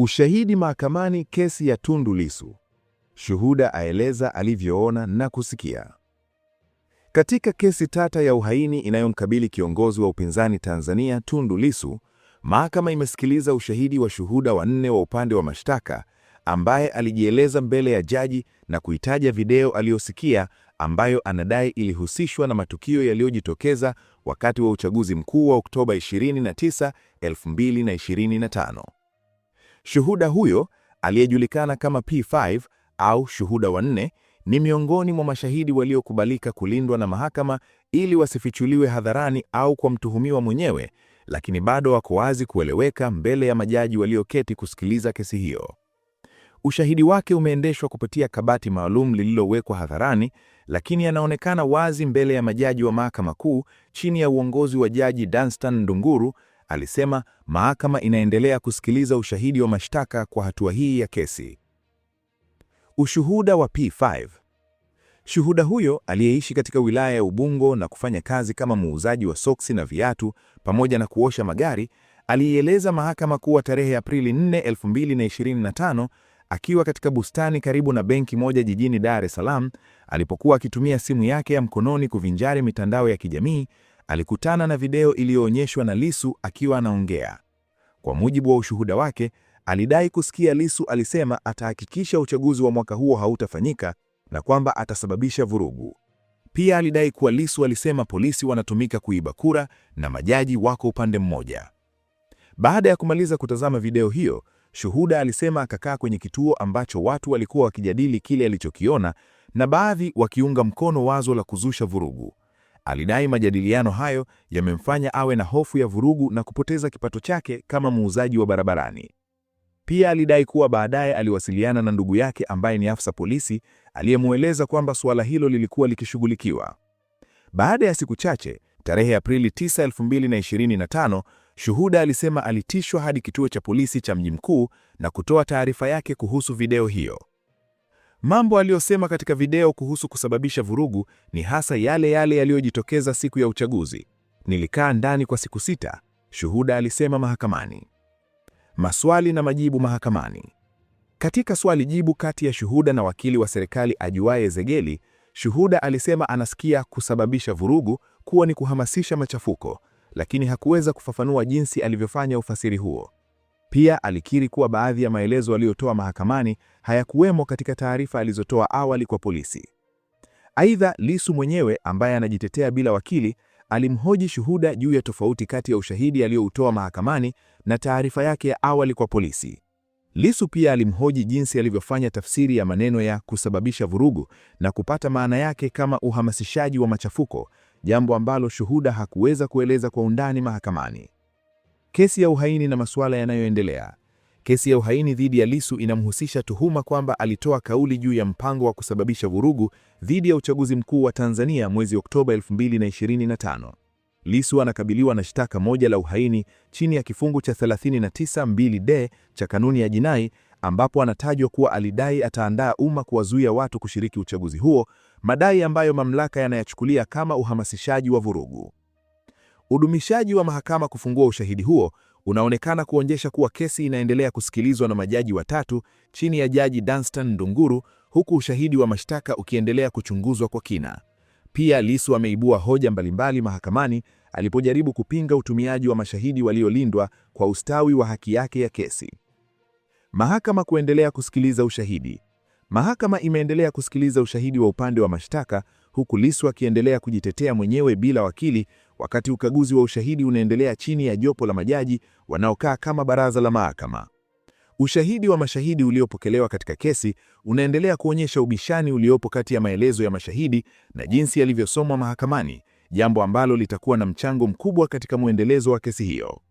Ushahidi mahakamani, kesi ya Tundu Lissu. Shuhuda aeleza alivyoona na kusikia. Katika kesi tata ya uhaini inayomkabili kiongozi wa upinzani Tanzania Tundu Lissu, mahakama imesikiliza ushahidi wa shuhuda wanne wa upande wa mashtaka ambaye alijieleza mbele ya jaji na kuitaja video aliyosikia ambayo anadai ilihusishwa na matukio yaliyojitokeza wakati wa uchaguzi mkuu wa Oktoba 29, 2025. Shuhuda huyo aliyejulikana kama P5 au shuhuda wa nne ni miongoni mwa mashahidi waliokubalika kulindwa na mahakama ili wasifichuliwe hadharani au kwa mtuhumiwa mwenyewe, lakini bado wako wazi kueleweka mbele ya majaji walioketi kusikiliza kesi hiyo. Ushahidi wake umeendeshwa kupitia kabati maalum lililowekwa hadharani, lakini anaonekana wazi mbele ya majaji wa Mahakama Kuu chini ya uongozi wa Jaji Danstan Ndunguru alisema mahakama inaendelea kusikiliza ushahidi wa mashtaka kwa hatua hii ya kesi. Ushuhuda wa P5. Shuhuda huyo aliyeishi katika wilaya ya Ubungo na kufanya kazi kama muuzaji wa soksi na viatu pamoja na kuosha magari, aliieleza mahakama kuwa tarehe Aprili 4, 2025 akiwa katika bustani karibu na benki moja jijini Dar es Salaam, alipokuwa akitumia simu yake ya mkononi kuvinjari mitandao ya kijamii, alikutana na video iliyoonyeshwa na Lissu akiwa anaongea. Kwa mujibu wa ushuhuda wake, alidai kusikia Lissu alisema atahakikisha uchaguzi wa mwaka huo hautafanyika na kwamba atasababisha vurugu. Pia alidai kuwa Lissu alisema polisi wanatumika kuiba kura na majaji wako upande mmoja. Baada ya kumaliza kutazama video hiyo, shuhuda alisema akakaa kwenye kituo ambacho watu walikuwa wakijadili kile alichokiona na baadhi wakiunga mkono wazo la kuzusha vurugu. Alidai majadiliano hayo yamemfanya awe na hofu ya vurugu na kupoteza kipato chake kama muuzaji wa barabarani. Pia alidai kuwa baadaye aliwasiliana na ndugu yake ambaye ni afisa polisi aliyemueleza kwamba suala hilo lilikuwa likishughulikiwa. Baada ya siku chache, tarehe Aprili 9, 2025, shuhuda alisema alitishwa hadi kituo cha polisi cha mji mkuu na kutoa taarifa yake kuhusu video hiyo. Mambo aliyosema katika video kuhusu kusababisha vurugu ni hasa yale yale yaliyojitokeza siku ya uchaguzi. Nilikaa ndani kwa siku sita, shuhuda alisema mahakamani. Maswali na majibu mahakamani. Katika swali jibu kati ya shuhuda na wakili wa serikali Ajuaye Zegeli, shuhuda alisema anasikia kusababisha vurugu kuwa ni kuhamasisha machafuko, lakini hakuweza kufafanua jinsi alivyofanya ufasiri huo. Pia alikiri kuwa baadhi ya maelezo aliyotoa mahakamani hayakuwemo katika taarifa alizotoa awali kwa polisi. Aidha, Lissu mwenyewe ambaye anajitetea bila wakili alimhoji shuhuda juu ya tofauti kati ya ushahidi aliyoutoa mahakamani na taarifa yake ya awali kwa polisi. Lissu pia alimhoji jinsi alivyofanya tafsiri ya maneno ya kusababisha vurugu na kupata maana yake kama uhamasishaji wa machafuko, jambo ambalo shuhuda hakuweza kueleza kwa undani mahakamani. Kesi ya uhaini na masuala yanayoendelea. Kesi ya uhaini dhidi ya Lissu inamhusisha tuhuma kwamba alitoa kauli juu ya mpango wa kusababisha vurugu dhidi ya uchaguzi mkuu wa Tanzania mwezi Oktoba 2025. Lissu anakabiliwa na shtaka moja la uhaini chini ya kifungu cha 392d cha kanuni ya jinai, ambapo anatajwa kuwa alidai ataandaa umma kuwazuia watu kushiriki uchaguzi huo, madai ambayo mamlaka yanayachukulia kama uhamasishaji wa vurugu. Udumishaji wa mahakama kufungua ushahidi huo unaonekana kuonyesha kuwa kesi inaendelea kusikilizwa na majaji watatu chini ya Jaji Danstan Ndunguru, huku ushahidi wa mashtaka ukiendelea kuchunguzwa kwa kina. Pia Lissu ameibua hoja mbalimbali mahakamani alipojaribu kupinga utumiaji wa mashahidi waliolindwa kwa ustawi wa haki yake ya kesi. Mahakama kuendelea kusikiliza ushahidi. Mahakama imeendelea kusikiliza ushahidi wa upande wa mashtaka huku Lissu akiendelea kujitetea mwenyewe bila wakili wakati ukaguzi wa ushahidi unaendelea chini ya jopo la majaji wanaokaa kama baraza la mahakama. Ushahidi wa mashahidi uliopokelewa katika kesi unaendelea kuonyesha ubishani uliopo kati ya maelezo ya mashahidi na jinsi yalivyosomwa mahakamani, jambo ambalo litakuwa na mchango mkubwa katika mwendelezo wa kesi hiyo.